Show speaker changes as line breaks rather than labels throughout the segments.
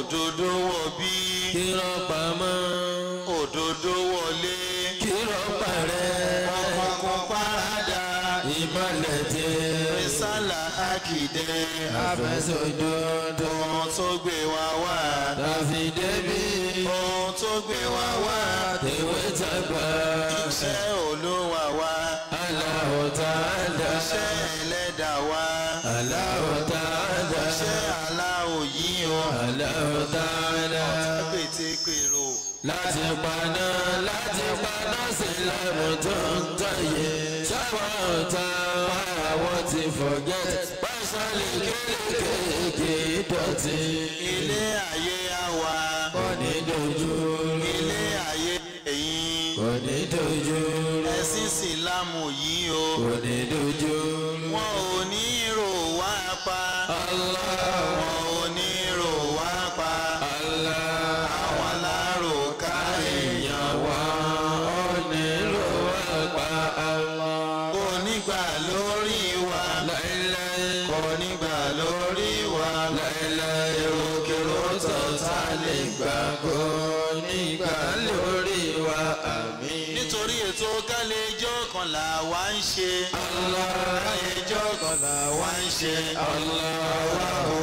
òdodo wọ̀ bí. kí ló pa mọ́. òdodo wọlé. kí ló pa rẹ̀. ọkọ̀ parada. ìmọ̀lẹ̀ tẹ. rísàlà àkìdẹ́. àfẹsọ̀dodo. ohun tó gbé wa wá. tàfi débi. ohun tó gbé wa wá. tèwé tàgbà. iṣẹ́ olúwa wa. Allahu Ta'ala. iṣẹ́ ọ̀tàlá. láti paná láti paná sílẹ̀ mú tó ń tọ̀yẹ. sáwọn ọ̀tá àwọn ti forget. pásálì kéékèèké dọ̀tí. ilé ayé àwa. kò ní dojú. ilé ayé èyí. kò ní dojú. ẹ̀sìn sílámù yìí o. kò ní dojú. gbà lórí wa láìláì èròkèrò tọ̀tà lè gbàgbọ́ nígbà lórí wa nítorí ètò kálẹ̀ ijó kan là wá ń ṣe. Allah ijó kan là wá ń ṣe. Allah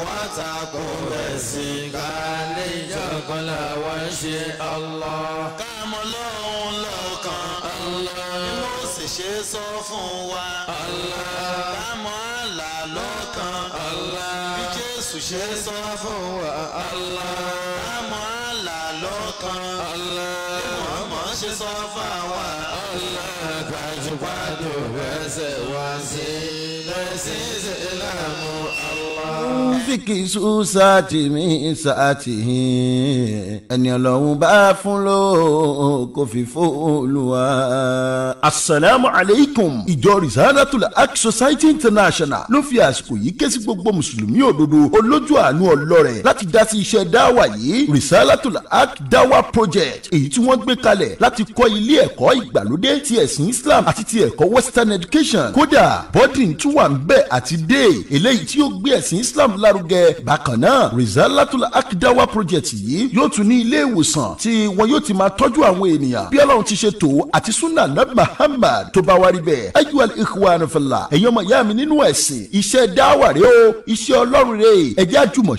wa tako ẹ̀sìn kálẹ̀ ijó kan là wá ń ṣe. Allah. káàmọ́ lọ́hùn lọ́kàn. Allah. ni wọ́n sì ṣe sọ fún wa. Allah. káàmọ́ èṣù ṣe sọ fún wa. Allah àmọ́ àlà lọ́kàn. Allah àmọ́ ṣe sọ fún wa. Allah gbajúgbàdùn ẹsẹ̀ wá sí lẹ́sìn ìsìlámù
fíkì sùsàtì mi sàtì ẹni ọlọ́run bá fún ló kò fi fóòlùwà. asalaamu aleykum ìjọ risalatul haq society international ló fi àsìkò yìí ké sí gbogbo mùsùlùmí òdodo olójú àánú ọlọ́rẹ̀ láti dá sí iṣẹ́ dáwà yìí risalatul haq dawa project èyí tí wọ́n gbé kalẹ̀ láti kọ́ ilé ẹ̀kọ́ ìgbàlódé ti ẹ̀sìn islam àti ti ẹ̀kọ́ western education kódà boarding tún wà ń bẹ̀ àti day eléyìí tí yóò gbé ẹ̀sìn ẹ̀sìn Islam lárugẹ bákan náà Rizalatul Akidawa project yìí yóò tún ní ilé ìwòsàn tí wọn yóò ti máa tọ́jú àwọn ènìyàn bí Ọlọ́run ti ṣe tó àti sunna nabi Muhammad tó bá wá rí bẹ́ẹ̀ ayu al-ikhwan fala ẹ̀yin ọmọ ìyá mi nínú ẹ̀sìn iṣẹ́ dáwà o iṣẹ́ Ọlọ́run rẹ ẹ̀jẹ̀ àjùmọ̀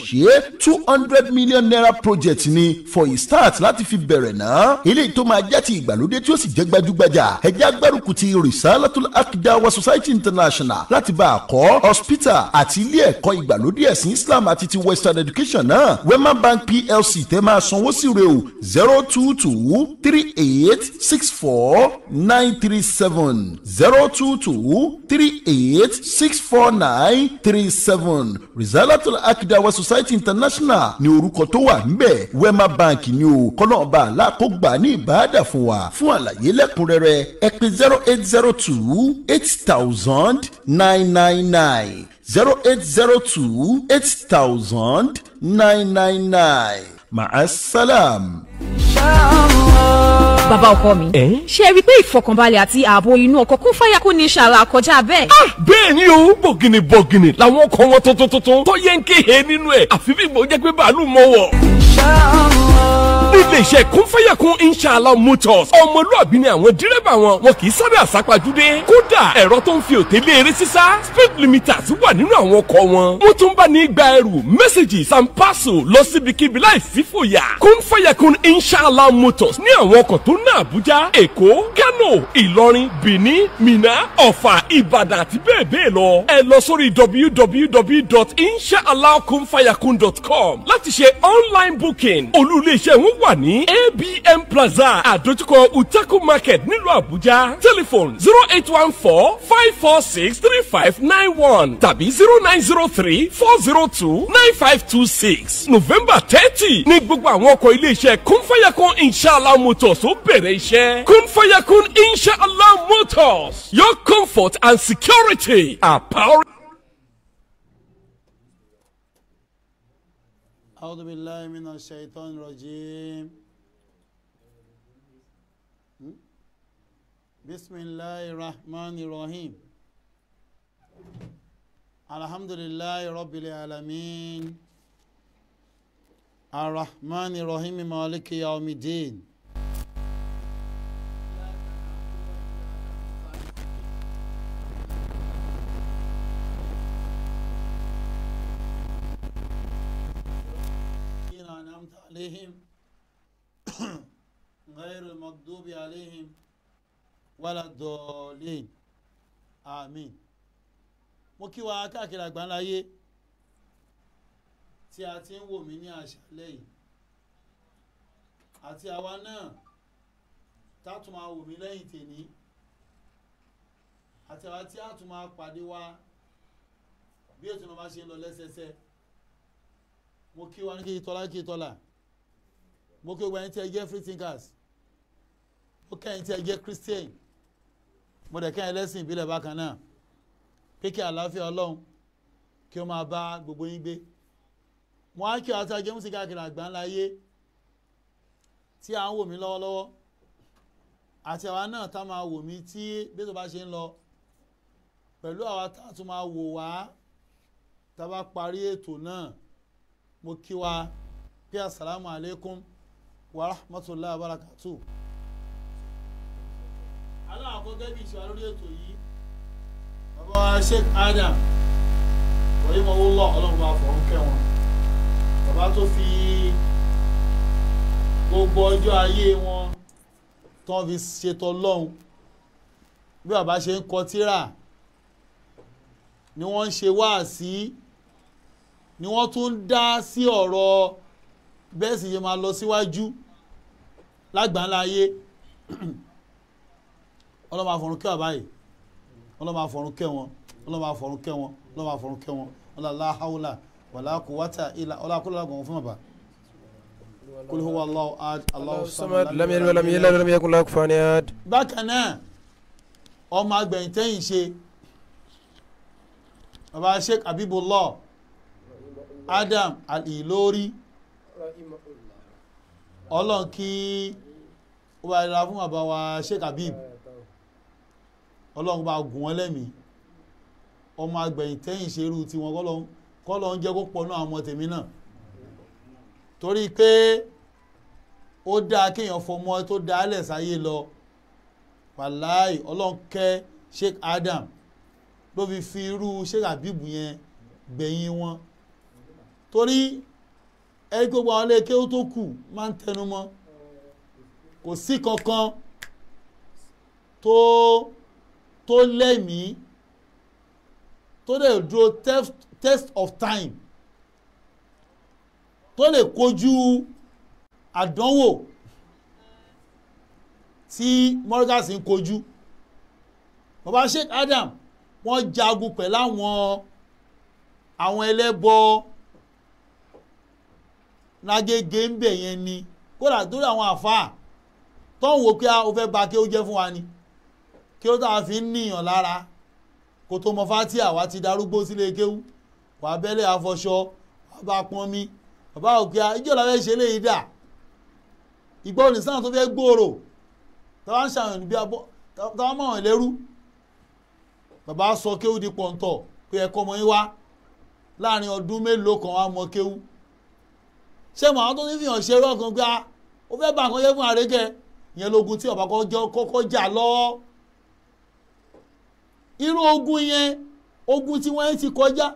two hundred million naira project ni for a start láti fi bẹ̀rẹ̀ náà eléyìí tó máa jẹ́ ti ìgbàlódé tí ó sì jẹ́ gbajúgbajà ẹ̀jẹ̀ agbárùkù ti Rizalatul Akidawa Society International láti bá a kọ́ hospital àti ilé ẹ̀kọ́ ig ìgbàlódé ẹ̀sìn Islam àti ti Western Education náà Wema Bank PLC tẹ́ máa sanwó sí rẹ̀ o zero two two three eight six four nine three seven zero two two three eight six four nine three seven Rizalatul Akidawa Society International ni orúkọ tó wà níbẹ̀ Wema Bank ni o kọ́nọ̀ọ́ba alákògbà ní ìbáàdà fún wa fún àlàyé lẹ́kùnrẹ́rẹ́ ẹ pè zero eight zero two eight thousand nine nine nine zero eight zero two eight thousand nine nine nine ma'asalam.
Bàbá ọkọ mi. Ṣé ẹ rí i pé ìfọkànbalẹ̀ àti ààbò inú ọkọ̀ kún fáyà kò ní ṣàrà kọjá bẹ́ẹ̀? Ah, bẹ́ẹ̀ ni o, bọ̀gìnì bọ̀gìnì làwọn ọkọ̀ wọn tuntun tuntun tó yẹ ń kéhe nínú ẹ̀ àfi bí mo jẹ́ pé bàálù mọ̀ wọ̀ ní iléeṣẹ́ kúnfẹ́yẹ̀kún inshallah motors ọmọlúàbí ni àwọn dírẹ́bà wọn wọn kì í sábẹ́ àsápajúdé kódà ẹ̀rọ tó ń fi òtélé eré sísá speed limiters wà nínú àwọn ọkọ̀ wọn wọ́n tún bá ní gba ẹrù messages and parcel lọ síbikíbi láì sí fòyà kúnfẹ́yẹ̀kún inshallah motors ní àwọn ọkọ̀ tó ní àbújá èkó kano ìlọrin benin minna ọ̀fà ìbàdàn àti bẹ́ẹ̀ bẹ́ẹ̀ lọ ẹ lọ sórí www.inshallah láti ṣe online booking olú iléeṣẹ́ wọn wà wà ní abm plaza àdójúkọ utaku market nílùú àbújá telephone zero eight one four five four six three five nine one tàbí zero nine zero three four zero two nine five two six november thirty ní gbogbo àwọn ọkọ̀ iléeṣẹ́ kúnfàyàkùn inshallah motors ó bẹ̀rẹ̀ iṣẹ́ kúnfàyàkùn inshallah motors your comfort and security are power.
أعوذ بالله من الشيطان الرجيم بسم الله الرحمن الرحيم الحمد لله رب العالمين الرحمن الرحيم مالك يوم الدين wàlá dọ̀ọ́lẹ́yìn àmín mo kí wa káàkiri àgbáńláyé tí a ti ń wò mí ní àṣálẹ́ yìí àti àwa náà tátùn máa wò mí lẹ́yìn tèmi àti àwa tí a tún máa pàdé wa bí ètò náà bá ṣe ń lọ lẹ́sẹsẹ mo kí wa ní kí tọ́lá kí tọ́lá mo kí wa ní tí ẹ jẹ́ free thinkers mo kẹ́yìn tí ẹ jẹ́ Christian mo dẹ̀ kẹ́yìn ẹlẹ́sìn ìbílẹ̀ bákan náà pé kí àlàáfíà ọlọ́run kí ó máa bá gbogbo yín gbé mo á kí ọtí ajé músíkà kiri àgbáńlá ayé tí à ń wò mí lọ́wọ́lọ́wọ́ àti àwa náà tá máa wò mí tí bí tó bá ṣe ń lọ pẹ̀lú àwa tá a tún máa wò wá tá a bá parí ètò náà mo kí wa pé asalaamualeykum wa rahmatulahi wa aláàkọ́ gẹ́gẹ́ ìṣòwò lórí ètò yìí bàbá wa Sheikh Adam wọ́n mọ̀ wọ́n lọ ọlọ́run bá fọ̀ ń kẹ́ wọn bàbá tó fi gbogbo ọjọ́ ayé wọn tó fi ṣètò ọlọ́run bí bàbá ṣe ń kọ tírà ni wọ́n ń ṣe wáàsí ni wọ́n tún ń dá sí ọ̀rọ̀ bẹ́ẹ̀ sì yẹn máa lọ síwájú lágbàńlá ayé. ọlọ́ba àfọ̀rún kẹ́ àbáyé ọlọ́ba àfọ̀rún kẹ́ wọn ọlọ́ba àfọ̀rún kẹ́ wọn ọlọ́ba àfọ̀rún kẹ́ wọn ọlọ́la haula wàlá kò wáta ilà ọlọ́kùnrin àgbọ̀n fún bàbá. kul huwa allahu ahad allahu samad lam yalid walam yulad walam yakun
lahu kufuwan ahad.
bákan náà ọmọ agbẹ̀yìn tẹ́yìn ṣe bàbá sheikh abibullah adam al-ilori ọlọ́run kí wàá ra fún bàbá wa sheikh abib ọlọ́run bá gùn wọ́n lẹ́mìí ọmọ agbẹ̀yìn tẹ́yìn ṣerú tiwọn kọ́lọ́ ń jẹ́ kó pọ̀ náà àwọn tèmi náà torí pé ó dáa kéèyàn fọmọ tó dáa lẹ̀ sáyé lọ wàláì ọlọ́run kẹ́ Sheikh Adam ló fi fi irú Sheikh Habib yẹn gbẹ̀yìn wọn torí ẹni gbogbo àwọn ilé tó kù máa ń tẹnu mọ́ kò sí kankan tó tó lẹ́mìí tó lè dúró test of time tó lè kojú àdánwò tí Morgan sì ń kojú bàbá Sheikh Adam wọ́n jagun pẹ̀lú àwọn àwọn ẹlẹ́bọ lágége ń bẹ̀ yẹn ni kódà tó lè àwọn àfáà tó ń wò pé ah, o fẹ́ ba kí o jẹ́ fún wa ni kí ló tà fi ń níyàn lára kó tó mọ fatia wá ti darúgbó sílé kéwú wà abẹ́lé afọṣọ wà bá pọn mi bàbá òkè ìjọ làwọn ẹ̀ṣẹ̀ léyìí dà ìgbọ́ olùsàn tó fẹ́ gbòòrò táwọn ń ṣàyàn níbi abọ́ táwọn mọ̀ wọ́n lẹ́rú bàbá sọ kéwú di pọ̀ǹtọ̀ pé ẹ̀kọ́ ọmọ yín wá láàrin ọdún mélòó kan wá mọ kéwú ṣé màá tó ní fìhàn ṣe rọ́ọ̀kan gbá ah, ó fẹ́ bá nǹkan fún àrékẹ́ ìyẹn lógun tí ọ̀bà kọ́kọ́ jà lọ́ọ́ irú ogun yẹn ogun tí wọ́n ti kọjá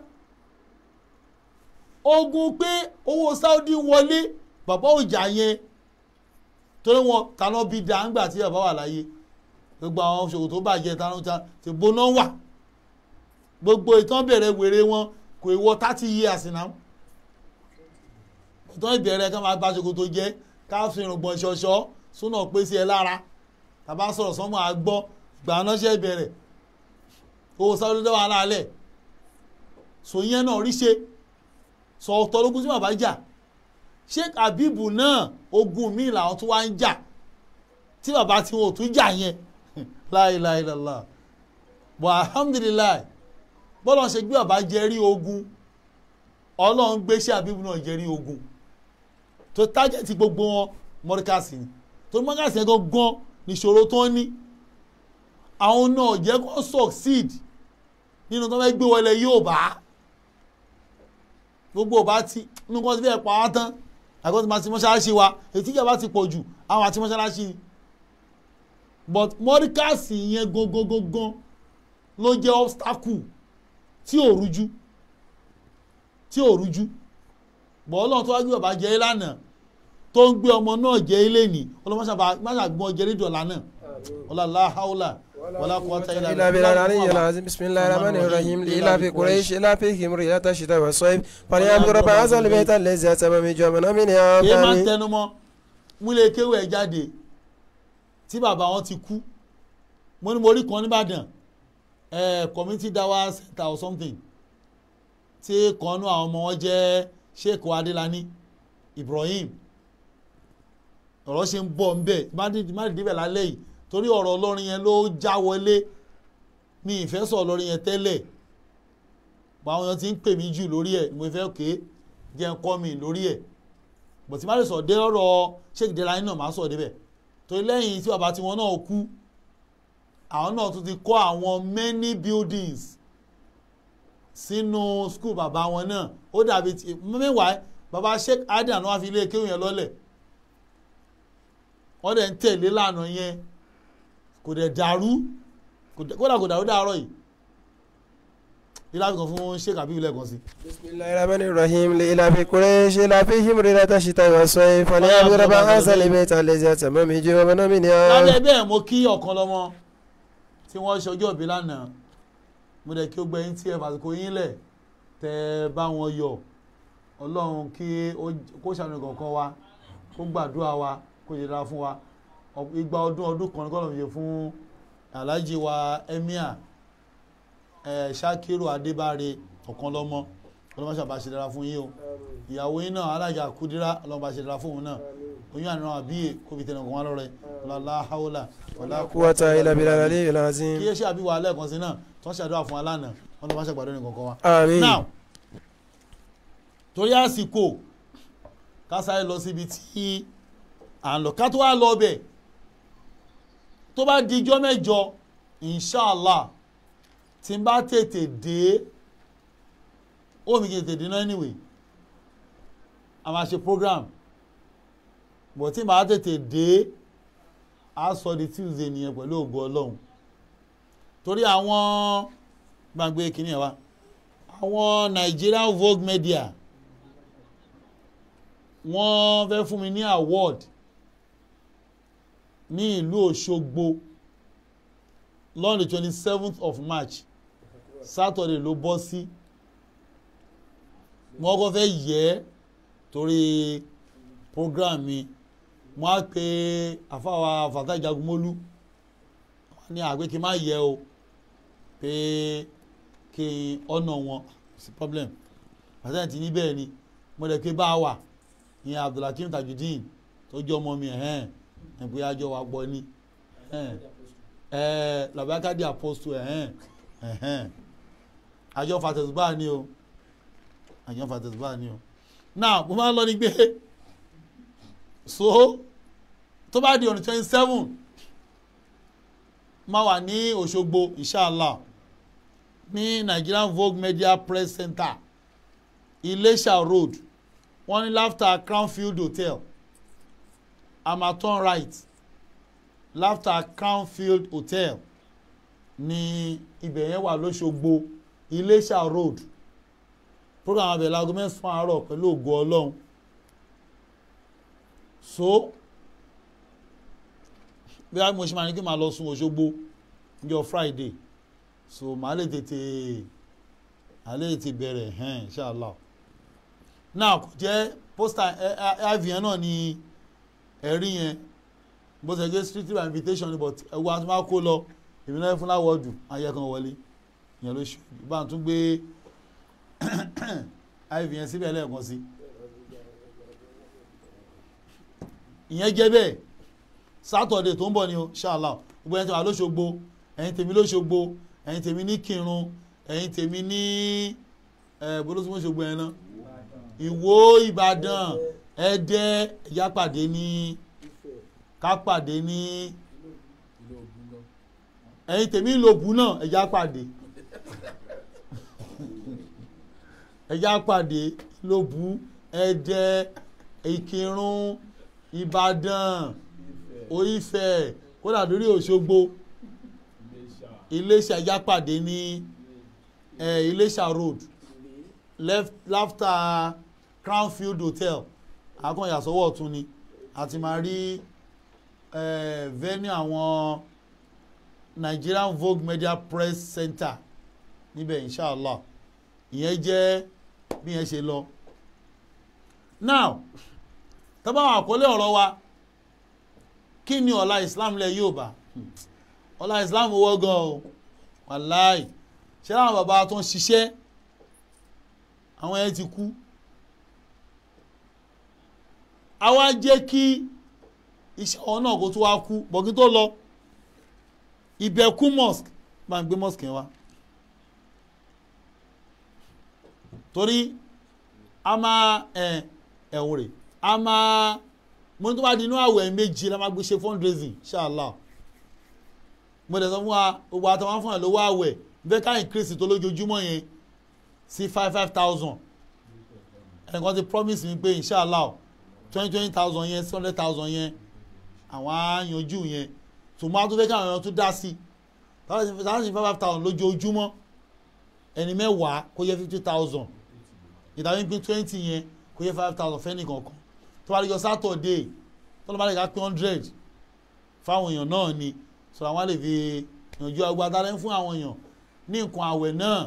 ogun pé owó Saudi wọlé bàbá òjà yẹn torí wọn tàná bí dàńgbà tí bàbá wà láyé gbogbo àwọn ṣòwò tó bàjẹ́ tàná ti gbóná wà gbogbo ìtàn bẹ̀rẹ̀ wèrè wọn kò wọ thirty years now ìtàn ìbẹ̀rẹ̀ ká máa bá ṣòkòtò jẹ́ ká fi irùngbọ̀n ṣọ̀ṣọ́ súnà pèsè ẹ lára tàbá sọ̀rọ̀ sọ́mọ́ àgbọ̀ gbà ìbẹ̀rẹ̀ owó sáré ló dá wàhálà alẹ̀ sọ yẹn náà rí ṣe sọ ọ̀tọ̀ ológun tí bàbá jà Sheikh Habibu náà ogun míì làwọn tó wá ń jà tí bàbá tí wọn ò tún jà yẹn láìláìlàlá bọ̀ alhamdulilayi bọ́lá ṣe gbé bàbá jẹ́rí ogun ọlọ́run gbé Sheikh Habibu náà jẹ́rí ogun tó tájẹ̀tì gbogbo wọn mọ́ríkàsì ni tó mọ́ríkàsì yẹn gan gan níṣòro tó ń ní àwọn náà jẹ́ kó succeed nínú tó fẹ́ gbé wọlé yóò bá gbogbo ọba ti inú kan ti fẹ́ pa wá tán àgọ́tí máa ti mọ́ṣáláṣí wa ètí ìjọba ti pọ̀ jù àwọn àti mọ́ṣáláṣí but mọ́ríkàsì yẹn gangan ló jẹ́ obstacle tí ò rújú tí ò rújú bọ̀ ọlọ́run tó wá gbé ọba jẹ́ ìlànà tó ń gbé ọmọ náà jẹ́ ilé ní ọlọ́mọṣàgbọ́n jẹ́ rédíò lánàá ọlọ́lá haúlà. ولا قوة إلا بالله العلي العظيم بسم الله الرحمن الرحيم لإلاف قريش
إلافهم رحلة الشتاء والصيف فليعبدوا رب هذا البيت الذي أتم من جوع من يا ẹ máa ń
tẹnu mọ́ múlẹ̀ kéwù ẹ̀ jáde tí bàbá wọn ti kú mo ní mo rí kan nìbàdàn community dawa center or something tí kanú àwọn ọmọ wọn jẹ́ sheikh ibrahim ọ̀rọ̀ ṣe ń bọ̀ ń bẹ̀ má dìde bẹ̀ lálẹ́ yìí torí ọ̀rọ̀ olórin yẹn ló já wọlé mi ìfẹ́ sọ olórin yẹn tẹ́lẹ̀ àwọn èèyàn ti ń pè mí jù lórí ẹ̀ mo fẹ́ ké jẹ́ ń kọ́ mi lórí ẹ̀ bọ̀tí má lè sọ dé ọ̀rọ̀ Sheikh Delani náà má sọ débẹ̀ torí lẹ́yìn tí bàbá tiwọn náà kú àwọn náà tún ti kọ́ àwọn many buildings sínú skul bàbá wọn náà ó dàbí mẹ́wàá bàbá Sheikh Adam náà wá fi ilé kéwìn yẹn lọ́lẹ̀ wọ́n dẹ̀ ń tẹ̀lé lánàá yẹn kò dẹ̀ dàrú kódà kò dàrú dàárọ̀ yìí ilafikọ fún sheikh abiy lẹ́ẹ̀kan sí.
bisimilayi rabani rahim le ilafi kure ṣe lafi himri lata ṣita wa sọ ye fani abudulayi ansa le bẹ ta lẹsẹ tẹmẹ mi ju ọmọ náà mi ni. lábẹ́
bẹ́ẹ̀ mo kí ọ̀kan lọ́mọ tí wọ́n ṣe ọjọ́ òbí lánàá mo dẹ̀ kí ó gbẹ̀yìn tí ẹ fàṣikò yín lẹ̀ tẹ́ bá wọn yọ̀ ọlọ́run kí ó ṣàmì kọ̀ọ̀kan wa kó gbàdúrà wa kó yẹra fún wa igba ọdún ọdún kan kọ́ lọ́mọ ṣe fún alhaji wa emir ṣakiru adébáre ọ̀kan lọ́mọ ọlọ́mọ ṣàbá ṣe dára fún yín o ìyàwó yín náà alájà kúdírá ọlọ́mọ ṣe dára fún òun náà oyún àná àbíyè kó fi tẹnukùn wọn lọ́rẹ́ lọ́lá haúlà ọ̀là kúwàtà ìlàbílà lálẹ́
ìlànà sí. kí ẹ
ṣe àbí wàhálà ẹ̀kan sí náà tí wọ́n ṣàdúrà fún alánà wọn lọ́mọ ṣàgbàdo nìkan kan wa. àmín. now torí àsìkò ká sáré lọ síbi tí à ń lọ ká tó wá lọ bẹ́ẹ̀ tó bá di ijọ́ mẹ́jọ inshàlá tí n bá tètè dé ó kì í tètè dé anyway a máa ṣe program bọ̀ tí n bá tètè dé a sọ di Tuesday nìyẹn pẹ̀lú ògo Ọlọ́run torí àwọn gbàgbé kìnìyàn wa àwọn Nigerian Vogue Media wọ́n fẹ́ fún mi ní award ní ìlú Òṣogbo lọ́nà twenty seventh of March Saturday ló bọ́ sí mo kọ́ fẹ́ yẹ ẹ́ torí program mi mo á pe àfáwà fàtà jagunmólú ní àgbẹ̀ kí n má yẹ o pé kí n ọ̀nà wọn sí problem pàṣẹ́ntì níbẹ̀ ni mo lè ké bá ní Abdulhakeem Tajudeen tó jẹ́ ọmọ mi ẹ̀hẹ́n. Eh bóyá jọ wa gbọ́ ni làbákàdé apostle àjọ fàtẹ̀síbá ni o àjọ fàtẹ̀síbá ni o now mo máa ń lọ ní gbé so tó bá di ọ̀nà twenty seven máa wà ní Òṣogbo inshallah ní Nigerian Vogue Media Press Center Ilesha Road wọ́n ní Crown Field Hotel amaton right láfta crownfield hotel ní ibẹ̀ yẹn wà lóṣogbo iléṣà road program abẹ láago mẹ́sàn-án àárọ̀ pẹ̀lú ògo ọlọ́run so bí a mo ṣe máa ní kí n máa lọ sùn òṣogbo níjọ́ friday so màá lè tètè màá lè tètè bẹ̀rẹ̀ inshallah náà kò jẹ́ pósítà eh, eh, ivn náà ni. Eh, eh, ẹ̀rí yẹn bó ṣe jẹ́ street by invitation ni but ẹ̀wọ́ àti máa kó lọ èmi náà fún láwọ́ọ̀dù ayé kan wọlé ìyẹn ló ṣe bá a tún gbé iv yẹn síbẹ̀ lẹ́ẹ̀kan sí ìyẹn jẹ́ bẹ́ẹ̀ sátọ̀dẹ̀ tó ń bọ̀ ni o ṣáàlà gbogbo ẹni tẹ̀mí alóṣogbo ẹ̀yin tèmi lóṣogbo ẹ̀yin tèmi ní kírun ẹ̀yin tèmi ní ẹ̀ bọ́lọ́sọ́mọ́ṣogbo ẹ̀ náà ìwó ìbàdàn ẹdẹ ẹyà pàdé ní ká pàdé ní ẹyin tèmi lòbù náà ẹyà pàdé ẹyà pàdé lòbù ẹdẹ ìkírun ìbàdàn Ifẹ̀ kódà lórí Òṣogbo Iléṣà ẹyà pàdé ní Iléṣà road left after Crownfield Hotel akọ̀yà sọ́wọ́ ọ̀tún ni àti máa rí venue àwọn Nigerian Vogue Media Press Center níbẹ̀ inshallah ìyẹn jẹ́ bí yẹn ṣe lọ. now tábà àkọlé ọ̀rọ̀ wa kí ni ọ̀la Islam lẹ̀ yóò bá ọ̀la Islam wọ́ gan o wàláì ṣé láwọn bàbá tó ń ṣiṣẹ́ àwọn yẹn ti kú a wá jẹ́ kí iṣẹ́ ọ̀hún to kó tó wá kú bọ̀kí tó lọ ìbẹ̀kú mosque máa ń gbé mosque yẹn wá torí a máa ẹ̀wọ̀n rè a máa mo ní tó bá di inú àwẹ̀ méjì la máa gbé ṣe fundraising ṣáàlà mo dẹ̀ sọ fún wa gbogbo àtàwọn fún wa lówó àwẹ̀ bẹ́ẹ̀ ká increase tó lójoojúmọ́ yẹn sí five five thousand ẹnìkan ti promise mi pé inshallah twenty twenty thousand yen, six hundred thousand yen. àwọn á yen. yẹn tòun á tún fẹ́ káwọn èèyàn tún dá sí thousand fifty five thousand lójoojúmọ́ ẹni mẹ́wàá kó yẹ fifty thousand ìdájọ́ pín twenty yen kó yẹ five thousand fẹ́ni kankan tó bá lè jọ Saturday tọ́lọ́ bá lè ká pín hundred fáwọn èèyàn náà ni sọ̀rọ̀ àwọn á lè fi yanjú agbada lẹ́yìn fún àwọn èèyàn ní nǹkan àwẹ̀ náà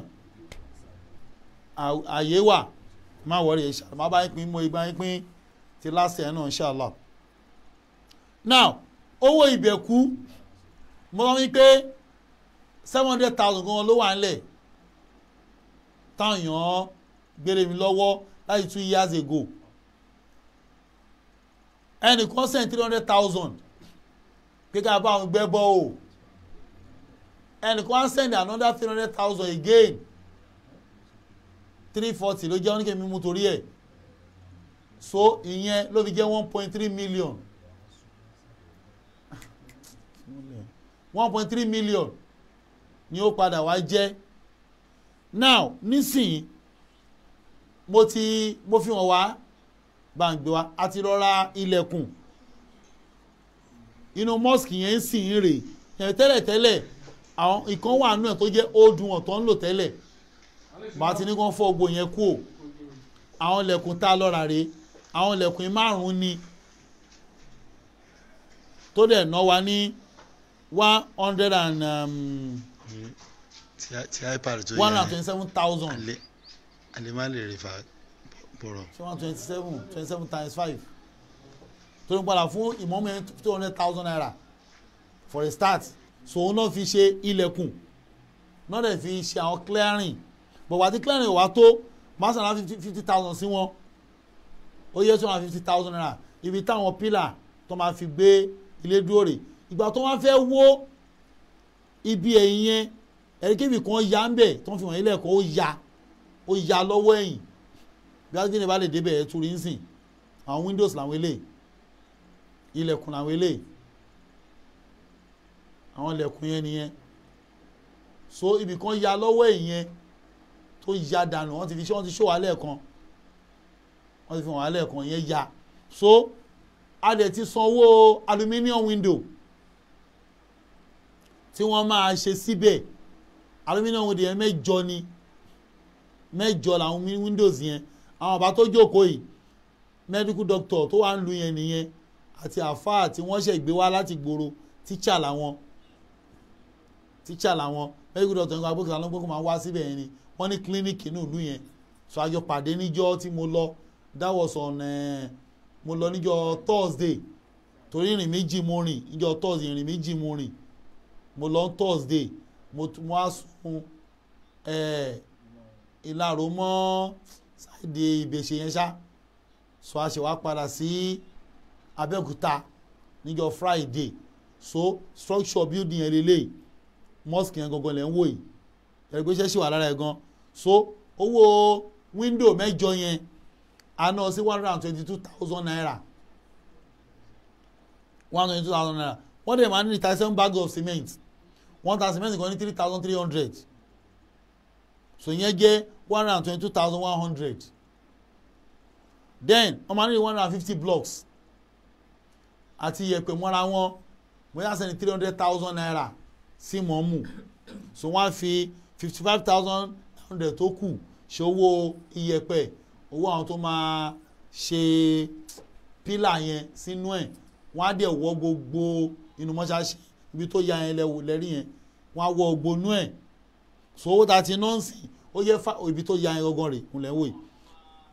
àyè wà má wọ̀ọ́rì ẹ̀ ṣàlùmọ́ bá yín pín mọ́ ibà yín pín ti last year náà inshallah now owó ìbẹ̀kú mo sọ wípé seven hundred thousand gan ló wà nílẹ̀ táwọn èèyàn gbére mi lọ́wọ́ láti two years ago ẹnìkan send three hundred thousand kíkà bá àwọn gbẹ́ bọ́ o ẹnìkan send another three hundred thousand again three forty ló jẹ́ oníkèémí mú torí ẹ̀ so ìyẹn ló fi jẹ́ one point three million one point three million ni ó padà wá jẹ́ now nísìnyí mo ti mo fi hàn wá gbàǹgbé wa a ti rọra ilẹ̀kùn inú mosque yẹn ń sìn ń rè é tẹ́lẹ̀tẹ́lẹ̀ àwọn ìkan wà nù ẹ̀ tó jẹ́ old one ń lò tẹ́lẹ̀ bá ti ní kàn fọ́ gbò yẹn kú àwọn ilẹ̀kùn tá a lọ́ra rèé àwọn ilẹ̀kùn márùn-ún ni tó dẹ̀ ná wa ní one hundred and um, one hundred and twenty seven thousand. àlèmálè rẹ̀ one twenty seven twenty seven times five tó ń padà fún ìmọ̀mọ́ yẹn two hundred thousand naira for the start so òun náà fi ṣe ilẹ̀kùn náà dẹ̀ fi ṣe àwọn clearing bọ̀wá tí clearing wà tó máa ṣàlàyé fifty thousand sí wọn ó yẹ two hundred and fifty thousand naira ibi táwọn pílà tó máa fi gbé ilé dúró rè ìgbà tó wọ́n fẹ́ wó ibi ẹ̀yìn yẹn ẹ̀ríkébì kan ya ń bẹ̀ tó ń fi wọ̀nyí lẹ́kọ̀ọ́ ó ya ó ya lọ́wọ́ ẹ̀yìn bí wọ́n ti ní balẹ̀ débẹ̀ ẹ̀ tún rí ń sìn àwọn windows làwọn eléyìí ilẹ̀kùn làwọn eléyìí àwọn ilẹ̀kùn yẹn nìyẹn so ibì kan ya lọ́wọ́ ẹ̀yìn yẹn tó ya dànù wọ́n ti fi ṣé wọ́n ti ṣó wa lẹ́ẹ̀kan wọ́n ti fi wọ́n kan yẹn ya so a dẹ̀ ti sanwó aluminium window tí wọ́n máa ṣe síbẹ̀ aluminium window yẹn mẹ́jọ ni mẹ́jọ làwọn windows yẹn àwọn bàbá tó jókòó yìí medical doctor tó wà ń lu yẹn nìyẹn àti àfáà tí wọ́n ṣe gbé wá láti gbòòrò tíṣà làwọn tíṣà làwọn medical doctor nípa gbókè lálọ́gbọ́n kò máa wá síbẹ̀ yẹn ni wọ́n ní clinic inú ìlú yẹn so àjọ pàdé níjọ́ tí mo lọ that was on uh, mo lọ níjọ́ thursday torí ìrìn méjì mo rìn níjọ́ thursday ìrìn méjì mo rìn mo lọ thursday mo mo á sun eh, ìlàró mọ́ ṣáìdì ìbèṣe yẹn ṣá so a ṣe wá padà sí abẹ́òkúta níjọ́ friday so structure building yẹn lélẹ́yìí mosque yẹn gangan lẹ̀ ń wò yìí ẹ̀rọ gbéṣẹ́ sì wà lára ẹ̀ gan so owó window mẹ́jọ yẹn àná sí one hundred and twenty two thousand naira one hundred and twenty two thousand naira wọ́n dẹ̀ máa ní thirty seven bag of cement one thousand cement kan ní three thousand three hundred so yẹn jẹ́ one hundred and twenty two thousand one hundred then wọ́n máa ní one hundred and fifty blocks àti iyẹ̀pẹ̀ mọ́ra wọn bóyá sẹ́ni three hundred thousand naira sí mọ́mù so wọ́n á fi fifty five thousand naira tó kù ṣòwò iyẹ̀pẹ̀ owó àwọn tó máa ṣe pílà yẹn sínú ẹ̀ wọ́n á dẹ̀ wọ́ gbogbo inú mọ́ṣáṣí ibi tó ya yẹn lẹ́wọ̀ lẹ́rí yẹn wọ́n á wọ́ gbonú ẹ̀ so owó tá a ti ná ń sìn ó yẹ ibi tó ya yẹn gangan rè ń lẹ́wọ̀ yìí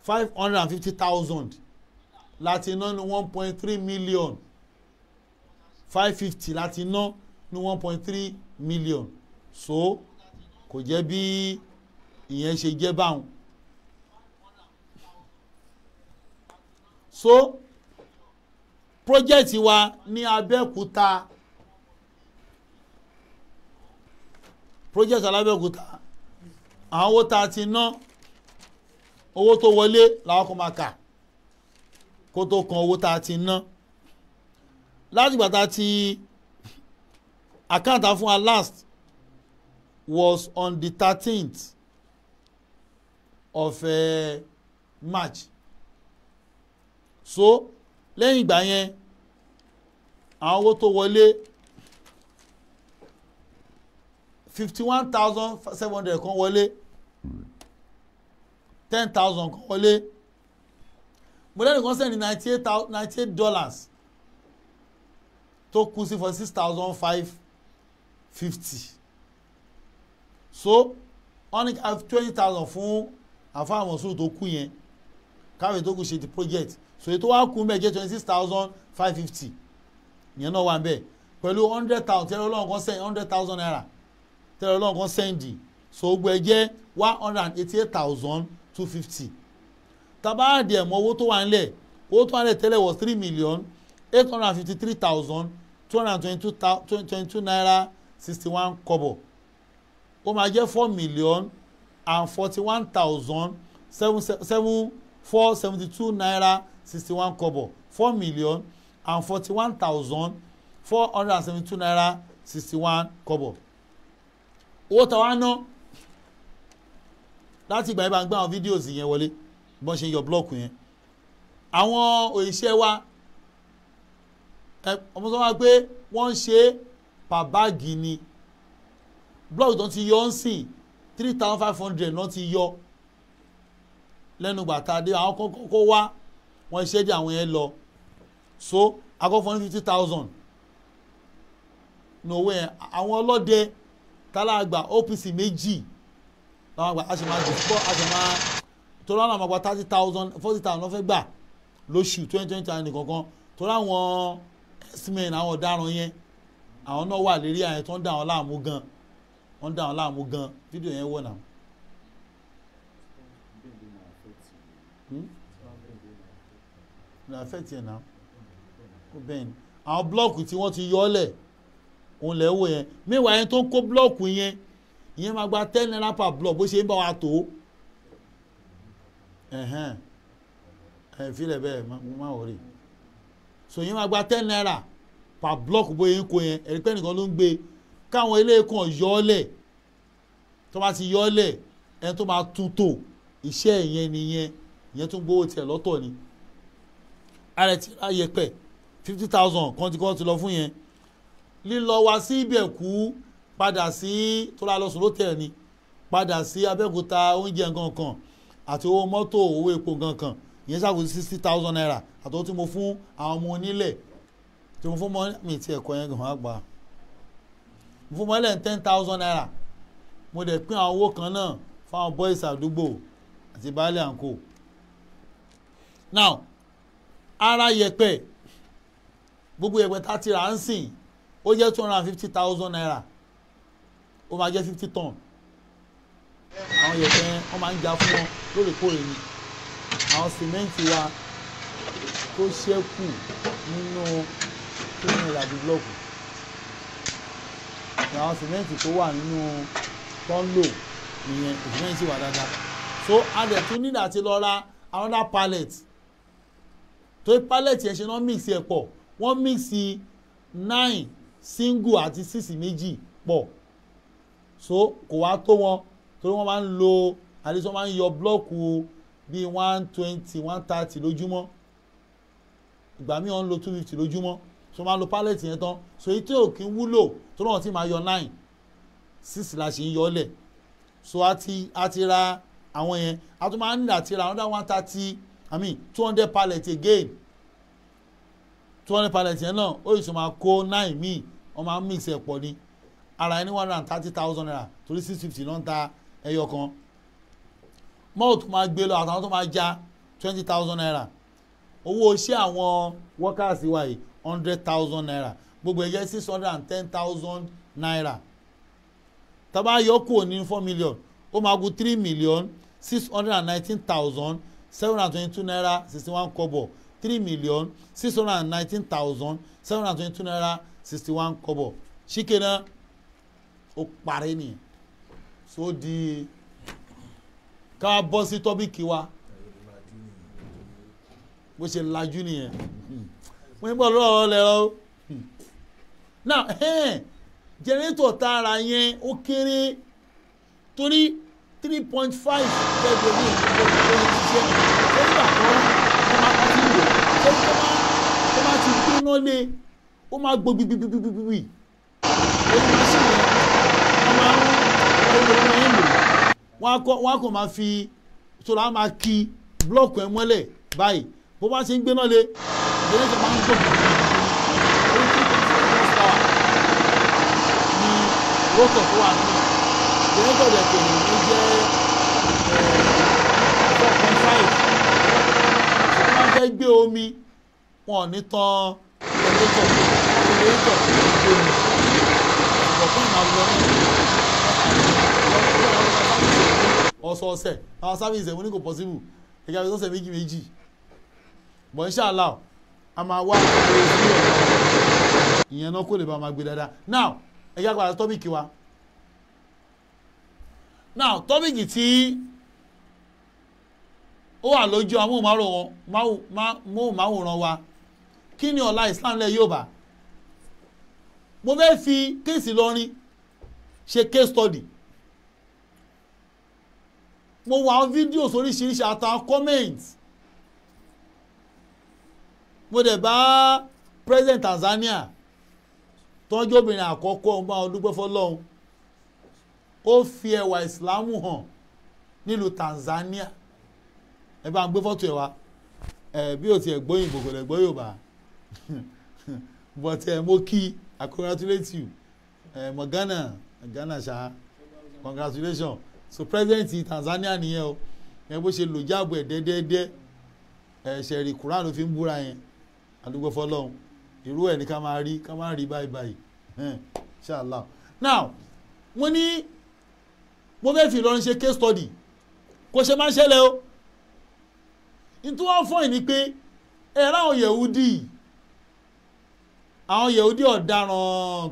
five hundred and fifty thousand láti ná ní one point three million five fifty láti ná ní one point three million so kò jẹ́ bí ìyẹn ṣe jẹ́ báwọn so project wa ní Abẹ́òkúta project alábẹ́òkúta àwọn owó tá a ti ná owó tó wọlé làwọn kò máa kà kó tó kan owó tá a ti ná láti ìgbà ti àkáǹtà fún wa last was on the thirteenth of uh, March so lẹ́yìn ìgbà yẹn àwọn owó tó wọlé fifty one thousand seven hundred kan wọlé ten thousand kan wọlé mo lẹ́nu kan sẹ́ni ninety eight ninety eight dollars tó kù sí for six thousand five fifty so only have twenty thousand fún àfáà mọ̀sùlù tó kù yẹn káwé tó kù ṣe ti project so ètò wa kú mbẹ jẹ́ twenty six thousand five fifty ìyẹn náà wà mbẹ pẹ̀lú hundred thousand tẹ́lẹ̀ ọlọ́run kan sẹ́yìn hundred thousand naira tẹ́lẹ̀ ọlọ́run kan di so gbogbo ẹ jẹ́ one hundred and eighty eight thousand two fifty tabaadi ẹ̀mọ́ owó tó wà nílẹ̀ owó tó wà nílẹ̀ tẹ́lẹ̀ was three million eight hundred and fifty three thousand two hundred and twenty two twenty two naira sixty one kobo ó máa jẹ́ four million and forty one thousand seven seven four seventy two naira sixty one kobo, four million and forty one thousand four hundred and seventy two naira sixty one kobo. owó tàwa ná láti ìgbà yìí bá ń gbé àwọn fídíòsì yẹn wọlé bọ́n ṣe yọ búlọ́ọ̀kù yẹn àwọn òṣìṣẹ́ wa ọmọ sọ wa pé wọ́n ń ṣe pàbáàgì ni búlọ́ọ̀kù tó ti yọ ń sìn three thousand five hundred náà ti yọ lẹ́nu gbàtà dé àwọn kọ́kọ́ wá wọ́n ṣẹ́ di àwọn yẹn lọ so akọ́fọ́ ní fifty thousand ní owó yẹn àwọn ọlọ́dẹ tálàgbà OPC méjì làwọn àgbà a sì máa jù fún a sì máa torí àwọn àmàgbà thirty thousand forty thousand lọ́fẹ́ gbà lóṣù twenty twenty thousand nìkankan torí àwọn x-men àwọn ọ̀daràn yẹn àwọn náà wà lérí àyẹ̀tọ́ ń dà wọ́n láàmú gan wọ́n ń dà wọ́n láàmú gan fídíò yẹn wọ̀ náà. lè affect yẹn náà kó bẹ́ẹ̀ ni àwọn blọ́ọ̀kù tí wọ́n ti yọ ọ́ lẹ̀ òun lẹ̀ wò yẹn meanwhile yẹn tó ń kó blọ́ọ̀kù yẹn ìyẹn máa gba ten naira per block bó ṣe ń bá wa tó ẹ̀hẹ́n ẹ̀ fílẹ̀ bẹ́ẹ̀ má wọ̀rì so ìyẹn máa gba ten naira per block bó ṣe ń kó yẹn ẹ̀rí pẹ́ nìkan ló ń gbé káwọn ilé kan yọ ọ́ tó bá ti yọ ọ́ ẹni tó máa tún tò iṣẹ́ ìyẹn nìyẹn ìyẹn tún gbowó tiẹ̀ lọ́tọ̀ ni ààrẹ ti ra yẹpẹ̀ fifty thousand kan ti kọ́ ti lọ fún yẹn lílọ wa sí ibẹ̀ kú padà sí tóra lọ sùn lótẹ̀ ni padà sí abẹ́òkúta oúnjẹ kankan àti owó mọ́tò owó epo kankan ìyẹn ṣàkóso sixty thousand naira àtọ́wọ́ tí mo fún àwọn ọmọ onílẹ̀ tí mo fún mọ́ mi ti ẹ̀kọ́ yẹn gan-an mo fún mọ́ ilẹ̀ ten thousand naira mo dẹ̀ pín àwọn owó kan náà fáwọn boys àdúgbò àti baálé àǹkó now ara yẹ̀pẹ̀ gbogbo yẹ̀pẹ̀ tá a ti rà ń sìn ó jẹ́ two hundred and fifty thousand naira ó máa jẹ́ fifty ton àwọn yẹ̀pẹ̀ wọ́n máa ń ja fún wọn lóòrèkóòrè ni àwọn sìmẹ́ǹtì wa tó ṣẹ́kù nínú kíni ìrìnàjò blọọkù àwọn sìmẹ́ǹtì tó wà nínú tọ́ńlò nìyẹn òsìmẹ́ǹtì wà dáadáa so a dẹ̀ tún nílò àti lọ ra another pallet tó pálẹ̀tì ẹ̀ ṣe náà mix ẹ̀ pọ̀ wọ́n mix nine single àti six méjì pọ̀ so kò wá tó wọn torí wọ́n máa ń lo at least wọ́n máa ń yọ blọ́ọ̀kù bíi one twenty one thirty lójúmọ́ ìgbà míì wọ́n ń lo two fifty lójúmọ́ so máa lo pálẹ̀tì yẹn tán so èyí tí ò kí ń wúlò tó náà ti máa yọ nine six la ṣe ń yọ ọ́ so a ti a ti ra àwọn yẹn a tún máa ń nílò àti ra another one thirty i mean two hundred pallet again two hundred pallet yẹn náà ó yìí sọ ma kó nine míì wọ́n máa ń mix ẹ̀ pọ̀ ni ara ẹni one hundred and thirty thousand naira torí six fifty náà ń ta ẹyọ kan malt máa gbé lọ àtàwọn tó máa já twenty thousand naira owó iṣẹ́ àwọn workers wa yìí hundred thousand naira gbogbo ẹ̀yẹ six hundred and ten thousand naira tá bá yọ kúrò ní four million ó máa kù three million six hundred and nineteen thousand seven hundred twenty-two naira sixty-one kobo three million six hundred and nineteen thousand seven hundred twenty-two naira sixty-one kobo ṣíkè náà ó parí nìyẹn so di ká bọ́ sí tọ́bíkì wa bó ṣe lajú nìyẹn mo ń bọ̀ lọ́wọ́ lẹ́rọ o now jẹnẹrétọ̀ tààrà yẹn ó kéré torí three point five fẹ́ẹ́ gbé ní ìgbésẹ̀ ṣe ṣé nígbà tó wọ́n máa bá sí ìwé ṣé tó máa tó máa ti gbé lé ó máa gbó gbigbigbigbigbigbi èyí máa sì yẹn wọ́n máa ń ẹ̀rọ wọn ẹ̀ lò wọ́n á kọ́ wọ́n máa fi sọ̀rọ̀ á máa ki blọ́ọ̀kù ẹ̀ mọ́lẹ̀ báyìí bó bá ṣe ń gbé lé ìdílé ṣe máa ń gbó gbigbigbigbi ní rókọ̀ tó wà ní ìdílé ṣe ọ̀dẹ̀ kò ní jẹ́ fẹ́ gbé omi wọn ò ní tan ẹlẹ́tọ̀ ẹlẹ́tọ̀ omi ọ̀pọ̀ náà lọ ọ̀sọ̀ọ̀sẹ̀ àwọn sábìsì ẹ̀wọ̀n ní kò pọ̀sibù ẹ̀ka ẹ̀ka ọ̀sẹ̀ méjì méjì bọ̀ ṣáàlà a máa wá ìyẹn náà kó lè bá máa gbé dáadáa now ẹ̀ka padà tọ́bìkì wa now tọ́bìkì tí ó wà lójú amóhùnmáwòrán wa kí ni ọ̀la Islam lẹ̀ yóò bá mo fẹ́ fi kéèsì lọ́rin ṣe case study mo wà àwọn fídíòs oríṣiríṣi àtàwọn comments mo dẹ̀ bá president Tanzania tọ́jú obìnrin àkọ́kọ́ ọmọ ọdúpẹ́ fọlọ́hún ó fi ẹwà ìsìlámù hàn nílùú Tanzania ẹ bá ń gbé fọ́tò ẹ wa ẹ bí o tiẹ̀ gbọ́ òyìnbó kò lè gbọ́ Yorùbá but ẹ mo kí I congratulate you ẹ mọ Ghana Ghana ṣá congratulations so president Tanzania nìyẹn o ẹ bó ṣe lò jáàbù ẹ dẹ́dẹ́dẹ́ ẹ ṣẹ̀rì Quran ló fi ń búra yẹn àdúgbò fọlọ́run irú ẹ̀ ní ká máa rí ká máa rí báyìí báyìí inshallah now wọ́n ní mo fẹ́ fi Ìlọrin ṣe case study kò ṣe máa ń ṣẹlẹ̀ o nítorí wọ́n fọ́ ìní pé ẹ̀rọ àwọn yẹ̀wúdì àwọn yẹ̀wúdì ọ̀daràn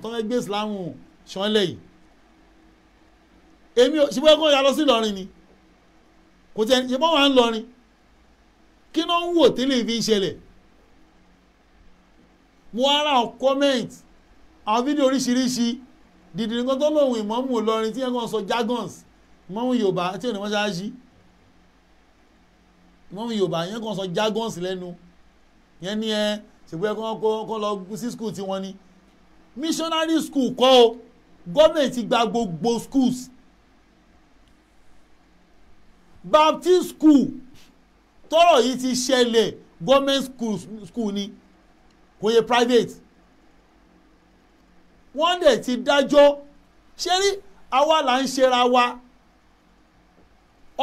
tó fẹ́ gbé ìsìláàmù ṣánlẹ̀ yìí èmi ò ṣe fẹ́ kó ya lọ sí Ìlọrin ni kò tẹ̀ ṣe bọ́wọ́ à ń lọrin kí ló ń wò tẹ́lẹ̀ fi ń ṣẹlẹ̀ mo wá ra comment àwọn fídíò oríṣiríṣi dìdìrín kan tó lòun ìmọ̀ọ́mù Ìlọrin tí yẹn kàn sọ jargons mọ́mú Yorùbá tí ò ní wọ́n ṣáá ṣí wọ́n fi yorùbá yẹn kàn sọ jargons lẹ́nu yẹn ní ẹ ṣègbè kọ́ lọ sí school tí wọ́n missionary school kọ́ o gọ́ọ̀mẹ̀ntì ti gba gbogbo schools baptist school tọ́rọ̀ yìí ti ṣẹlẹ̀ government school, school ni kò yẹ private wọ́n dẹ̀ ti dájọ́ ṣé rí àwa là ń ṣera wa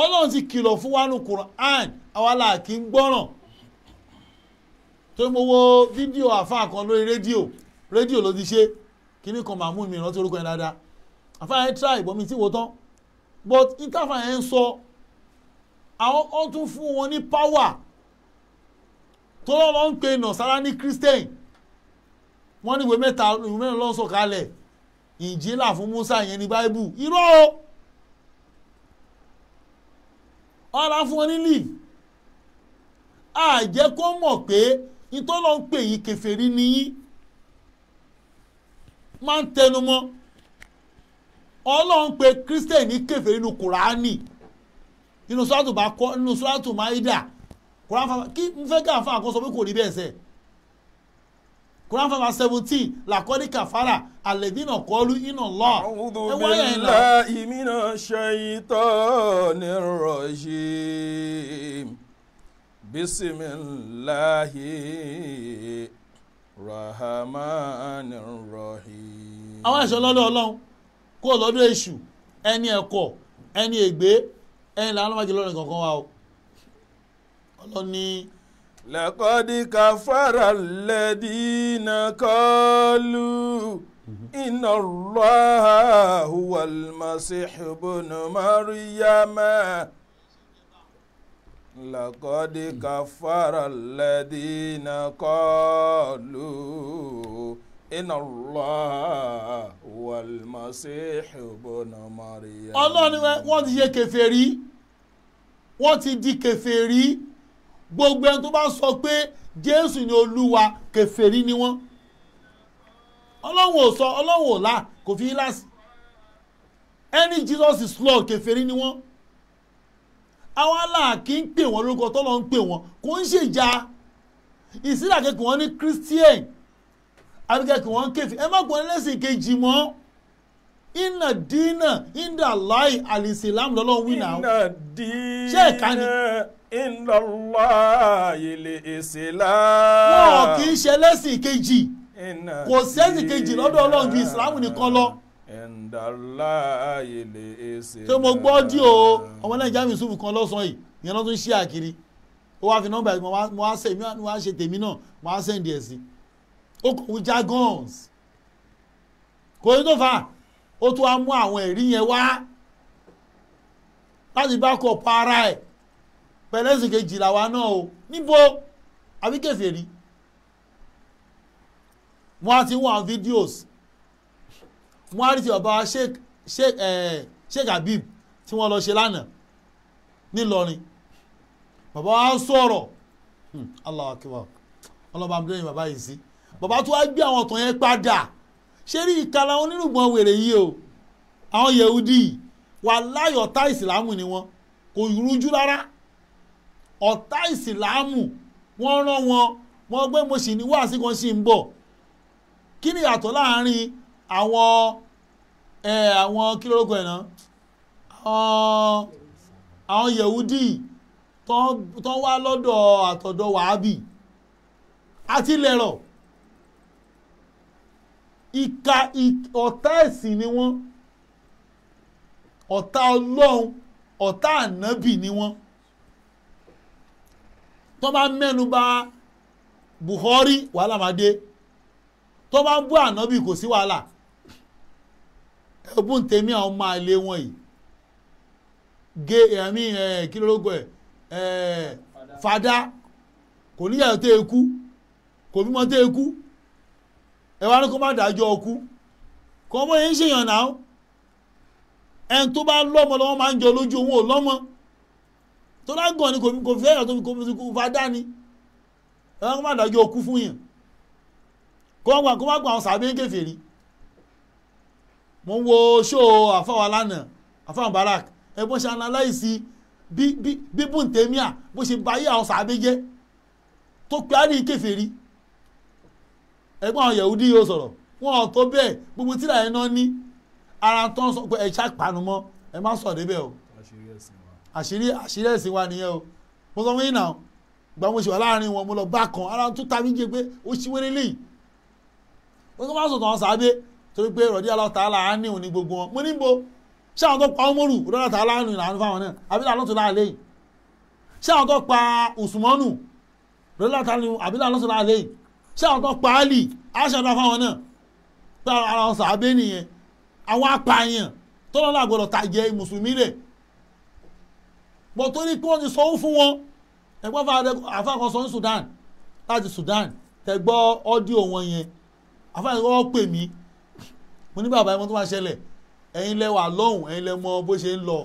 ọlọ́run ti kìlọ̀ fún wa ní Quran àwa là kí ń gbọ́ràn tó mo wo fídíò àfáà kan lórí rédíò rédíò ló ti ṣe kíní kan màmú mi ìrántí orúkọ yẹn dáadáa àfáà yẹn try ìbọn mi tí wo tán but ìtàfà yẹn ń sọ àwọn ó tún fún wọn ní power tó lọ́wọ́ ń pe nàṣàrà ní christian wọ́n ní ìwé mẹ́ta ìwé mẹ́rin ló sọ̀kalẹ̀ ìjìlá fún Musa yẹn ní Bible. irọ́ o ọ̀la fún wọn ní leave àjẹ́ kó mọ̀ pé ìtọ́lọ́ ń pè yìí kèfèrí nìyí máa ń tẹnumọ́ ọlọ́run pè kírísítẹ̀nì kèfèrí nínú kùránì nínú sọ́ọ̀tù bá kọ́ nínú sọ́ọ̀tù máìdà kùránì fáfá kí n fẹ́ káfá àkọsọ pé kò rí bẹ́ẹ̀ sẹ́ kùránì fáfá seventeen làkọ́dí kàfàrà àlẹ́dínà kọ́lu iná lọ. a'udhu billahi
minash shaitanir rajim. بسم الله rahman rahim. àwọn àṣọ lọ́dọ̀
ọlọ́run kó lọ́dọ̀ èṣù ẹni ẹ̀kọ́ ẹni ègbé ẹni làwọn ọlọ́mọdé lọ́rùn kankan wa o ọlọ́run ní.
laqad kafara alladina qalu inna Allaha huwal masih ibn لقد كفر الذين قالوا إن الله هو المسيح ابن مريم. ọlọ́run
wọ́n ti ṣe kèfèrí wọ́n ti di kèfèrí gbogbo ẹni tó bá sọ pé jésù ni olúwa kèfèrí ni wọ́n ọlọ́run ò sọ ọlọ́run ò là kò fi í láàsì any jesus is lord kèfèrí ni wọ́n àwọn aláàkí ń pè wọ́n lórúkọ tọ́lọ́ ń pè wọ́n kò ń ṣèjà ìsìlàkẹ́ kí wọ́n ní christian àbíkẹ́ kí wọ́n kéfì ẹ má kún ẹlẹ́sìn kejì mọ́ iná dínà iná láì àlìsílámù
lọ́lọ́run wí náà ṣé ẹ̀ka ni. iná láì lè èsì láà. wọn kì í ṣe
ẹlẹ́sìn kejì kò
sẹ́sìn kejì lọ́dọ̀ ọlọ́run ju
ìsìlámù nìkan lọ
ẹ̀ńdàláyèlè ẹsẹ̀. ṣé mo gbọ́ dí o
ọmọ nàìjíríà mi sùn kan lọ́sàn-án yìí ìyẹn ló tún ṣí àkiri ó wáá fi nọ́mbà mo wá ṣe èmi wá ṣe tèmi náà mo wá sẹ́ǹdì ẹ̀ sí ó kò wú jargons kò yẹ tó fà ó tún á mú àwọn ẹ̀rí yẹn wá láti bá kọ̀ pa ara ẹ̀ pẹ̀lẹ́sì kejìlá wa náà o níbo àbí kèfèrí wọ́n á ti wọ́n àwọn fídíòsì wọ́n á rí ti bàbá eh, Sheikh Habib tí wọ́n lọ ṣe lánàá nílọrin bàbá wa ń sọ̀rọ̀ hmm, Allah akbar ọlọ́ba àmúlẹ́yìn bàbá yìí sí bàbá tó wá gbé àwọn ọ̀tàn yẹn padà ṣé rí ìkàlà wọn nínú ìgbọ̀n wèrè yìí o àwọn yehudi wà láyọ̀ ọ̀tá ìsìlámù ni wọn kò rújú rárá ọ̀tá ìsìlámù wọ́n rán wọn wọ́n gbé mo sì ní wáàsí kan sì ń bọ̀ kí ni ìyàtọ̀ láàárín àwọn ẹ àwọn kí lórókọ ẹ̀ náà àwọn yẹ̀wúdì tó wá lọ́dọ̀ àtọ̀dọ̀ wàhábì àti lẹ̀rọ̀ ìka ọ̀tá ẹ̀sìn ni wọ́n ọ̀tá ọlọ́run ọ̀tá ànábì ni wọ́n tó bá mẹ́nu bà Buhari wàhálà máa dé tó bá bú ànábì kò sí wàhálà ẹ̀bùn tèmi àwọn ọmọ àlè wọn yìí gé ẹ̀mí ẹ̀ kí ló lóko fada kò níyàwó tó eku kò bímọ tó eku ẹ wá ní kó má dájọ́ ọkú kò ọmọ yẹn ń ṣèyàn náà ẹn tó bá lọ́mọ lọ́wọ́ máa ń jọ lójú òun ò lọ́mọ tó lágàn ni kò fi ẹ̀yà tó fi fada ni ẹ wá ní kó má dájọ́ ọkú fún yàn kó wá gbà àwọn sàbẹ̀ ń kèfèrí mo ń wo ṣóò àfáwà lánàá àfáwà barak ẹ bó ṣe analyze bí bí bí bùntẹ́míà bó ṣe báyé àwọn sàábé jẹ́ tó pe àárín kèfèrí ẹgbọ́n àwọn yahudi yóò sọ̀rọ̀ wọn ò tó bẹ́ẹ̀ gbogbo tíra ẹ̀ náà ní ara tó ń sọ pé ẹ̀ ṣàpànù mọ́ ẹ̀ má sọ̀ débẹ̀ o àṣírí àṣírí ẹ̀sìn wa nìyẹn o mo sọ fún yín náà gba mo ṣe wà láàrin wọn mo lọ bá kan ara tó ta mí jẹ pé ó ṣí wẹ́rẹ́ lẹ́yìn ó sọ fún àwọn sọ̀tàn àwọn sàábé torí pé rọ̀dí aláta aláàánú ní gbogbo wọn mo níbo ṣé àwọn tó pa ọmọrù rọ̀dí aláta ìlànà fáwọn náà àbílẹ̀ alọ́tún láàlẹ́ yìí ṣé àwọn tó pa òsùmọ́nù rọ̀dí aláta láàlẹ́ yìí ṣé àwọn tó pa áàlì aṣọ́dá fáwọn náà pé ara wọn sàábé nìyẹn àwọn apààyàn tó lọ́la gbọ́dọ̀ tàjẹ́ mùsùlùmí rẹ̀ bọ̀ torí pé wọ́n ti sọ fún wọn ẹ̀gbọ́n àfàkọ́ mo ní bàbá ẹ mọ tó máa ṣẹlẹ̀ ẹ̀yin lẹ wà lọ́hùn ẹ̀yin lẹ mọ bó ṣe ń lọ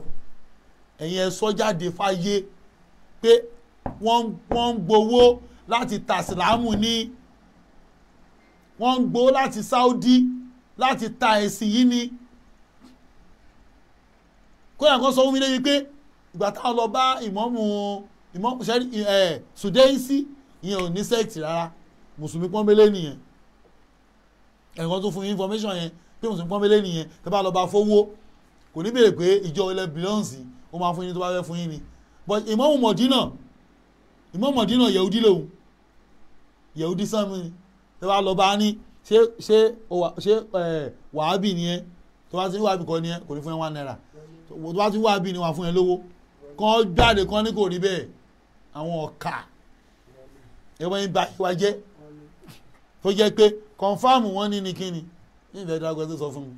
ẹ̀yin ẹ sọ jáde fáyé pé wọ́n ń gbowó láti tàsílámù ní wọ́n ń gbowó láti Saudi láti ta ẹ̀sìn yìí ni kóyà kan sọ fún mi lébi pé ìgbà táwọn lọ bá ìmọ̀mù ìmọ̀mù sẹ́rí ẹ̀ sùdẹ́ẹ́sì ìyẹn ò ní sẹ́ẹ̀tì rárá mùsùlùmí pọ́nbélé nìyẹn ẹ̀kan tó fún information yẹn bí mùsùlùmí pọ́nbélé nìyẹn tẹ́ bá lọ bá fowó kò ní béèrè pé ìjọ ilẹ̀ bílíọ̀nsì ó máa fún yín tó bá fẹ́ fún yín ni but ìmáàmù mọ̀dínà ìmáàmù mọ̀dínà yẹ̀wùdí lòun yẹ̀wùdí sànmi tẹ́ bá lọ bá ní ṣé ṣé ṣé wàhábì nìyẹn tó bá ti ní wàhábì kọ́ nìyẹn kò ní fún yín one naira tó bá ti ní wàhábì ni wà fún yín lówó kan jáde kan ní kò rí bẹ́ẹ̀ àwọn ọ̀ka ẹ̀wọ̀n ìbá ìwà jẹ́ tó jẹ́ pé kọ̀ǹfàmù wọn ní ni ìfẹ́ dákọ̀ tó sọ fún mi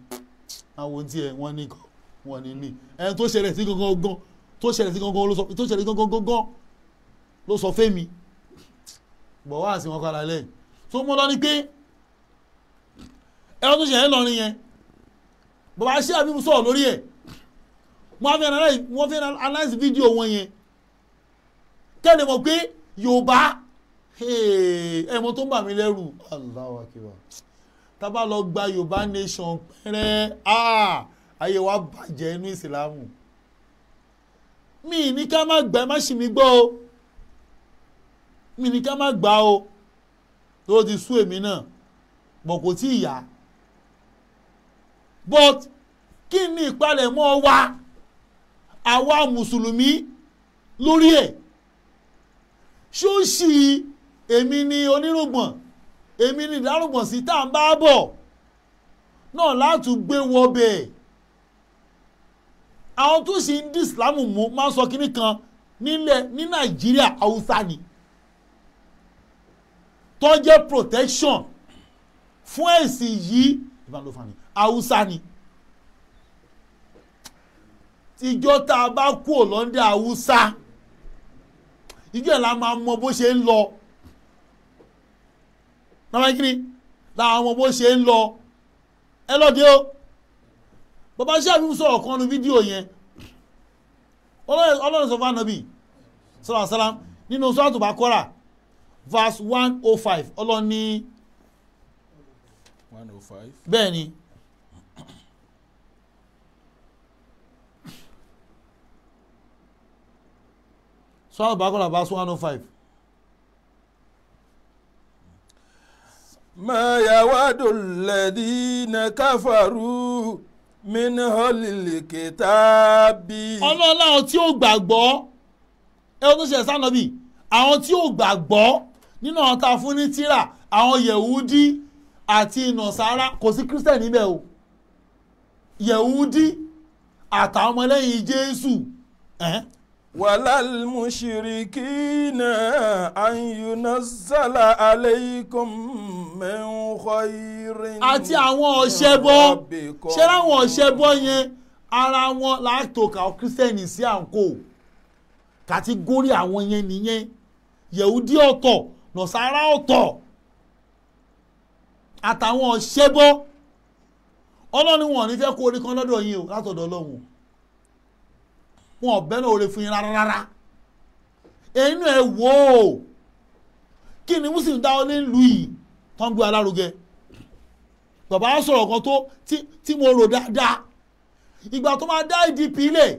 àwọn tí ẹ wọ́n ní kọ́ wọ́n ní ní ẹ tó ṣẹlẹ̀ sí gangan gan tó ṣẹlẹ̀ sí gangan ló sọ tó ṣẹlẹ̀ sí gangan gan ló sọ fẹ́mi bọ̀ wá sí wọn kọ́ ara lẹ́yìn tó mọ́ lọ ni pé ẹ̀rọ tó ṣẹlẹ̀ lọ́rin yẹn bàbá ṣé àbí mo sọ̀rọ̀ lórí ẹ̀ wọ́n fẹ́ analyze fídíò wọn yẹn kẹ́lẹ̀ mọ̀ pé yorùbá ẹ̀mọ́ tó ń bà mí lẹ́rù Allahu Akbar tábà lọ gba yorùbá nation pẹ́rẹ́ ayé wa bàjẹ́ inú ìsìlámù mi ní ká má gbà má sì mí gbọ́ o mi ní ká má gbà o tó ti sú èmi náà bọ̀ kò tí ì yá but kí ni ìpalẹ̀mọ́ wa àwa mùsùlùmí lórí ẹ̀ ṣó ṣì èmi ni onírùngbọ̀n èmi ni ìdárúgbọ̀n sí tá à ń bá bọ̀ náà láti gbé wọn bẹ̀ àwọn tó sì ń di islam mú máa ń sọ kínní kan nílẹ̀ ní nàìjíríà haúsá ni tó protection fún ẹ̀sìn yìí ìbálòfani haúsá ni ìjọ tá a bá kú ò lọ́ndẹ̀ haúsá ìjọ ẹ̀ la máa mọ bó ṣe ń lọ bàbá kiri làwọn ọmọ bó ṣe ń lọ ẹ lọ́dẹ o bàbá ṣe àbí sọ̀rọ̀ kan nu fídíò yẹn ọlọ́run sọ fún anabi sọ̀rọ̀ àṣàlám nínú sọ́ọ̀tù bá kọ́ra verse one oh five ọlọ́ni oh bẹ́ẹ̀ ni. sọ́ọ̀tù bá kọ́ra verse one oh five.
ما يود الذين كفروا من أهل الكتاب. ọlọ́lá àwọn tí ó gbàgbọ́ ẹ ó tó ṣe sànàbì àwọn tí ó gbàgbọ́
nínú àwọn tá a fún ní tíra àwọn yẹ̀wúdí àti nàṣàrà kò sí
kírísítẹ̀ níbẹ̀ o yẹ̀wúdí àtàwọn ọmọlẹ́yìn jésù وللمشركين أن ينزل عليكم من خير àti àwọn ọ̀ṣẹ́bọ ṣé
láwọn ọ̀ṣẹ́bọ yẹn ara wọn látòkà kírísítẹ́nì sí àǹkó kàtígórì àwọn yẹn nìyẹn yẹ̀húdí ọ̀tọ̀ nọ̀sára ọ̀tọ̀ àtàwọn ọ̀ṣẹ́bọ ọlọ́ni wọn ò ní fẹ́ kó orí kan lọ́dọ̀ yín o látọ̀dọ̀ ọlọ́run wọn ọbẹ̀ lóore fún yín rárá ẹnu ẹ wò ó kí ni muslim dáwọ́ ní ìlú yìí tó ń gbé alárugẹ bàbá sọ̀rọ̀ kan tó tí mo rò dáadáa ìgbà tó máa dá IDP lẹ̀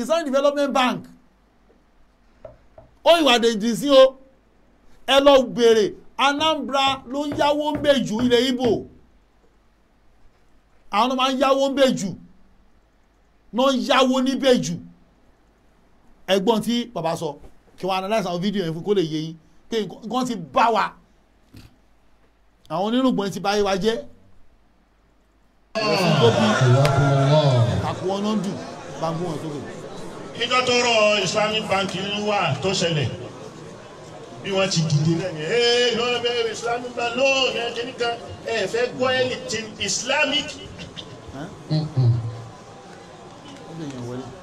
Islamic Development Bank ó ìwà dèjì sí o ẹ lọ béèrè Anambra ló ń yáwó ń bẹ̀ jù ilẹ̀ Ìgbò àwọn máa ń yáwó ń bẹ̀ jù náà yáwó níbẹ̀ jù ẹgbọ́n tí bàbá sọ kí wọ́n analyze àwọn fídíò yẹn fún kó lè yé yín pé nǹkan ti bá wa àwọn onírùngbọ̀n ti bá yé wa jẹ́ ẹ̀sìn tó bí àpò ọ̀nà dùn bá gún wọn sókè. níjọ́ tó rọ Islamic Bank wà tó ṣẹlẹ̀
bí wọ́n ti dìde lẹ́yìn ẹ̀ lọ́nà Islamic Bank lóòrùn ẹ̀ jẹ́ nìkan ẹ̀ fẹ́ gbọ́ ẹ̀ ní
Islamic.
我。